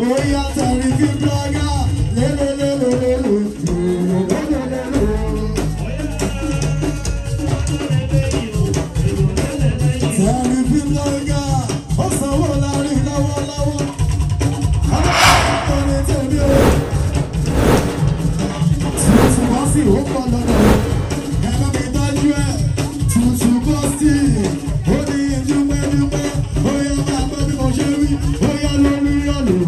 We are terrific blogger.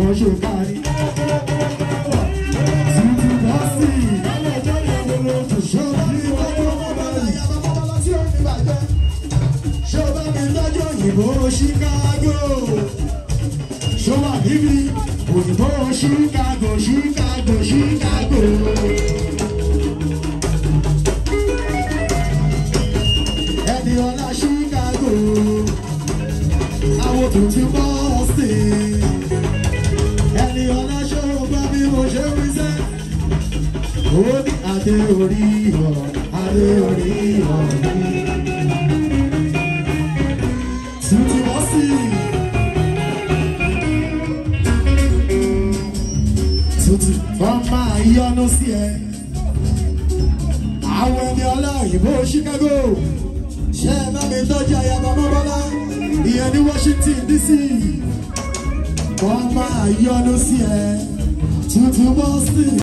ṣùgbọ́n ṣe parí. títí bá sì lọ́jọ́ ìwòrò ṣòṣọ́ bá mi tọ́jú ọmọ bàbá yàrá bàbá tí ó ní bàjẹ́. ṣé o bá mi tọ́jú òyìnbó Chicago? ṣó wà níbi òyìnbó Chicago Chicago Chicago. ẹni ọlá Chicago àwọn tó ti bọ́ ọ̀sìn ọlọ́ṣọ́gbà bí mo ṣe wí sẹ́. ó ní adé orí ọ̀ adé orí ọ̀ mi. tuntun wọ́n sì. tuntun wọ́n máa yọnu sí ẹ. àwọn ẹni ọlá òyìnbó Chicago ṣé ẹ bá mi tọ́jú ayaba mọ́bọ́lá ìyẹn ní Washington DC wọ́n máa yọ́nú sí ẹ tuntun bọ́ sí.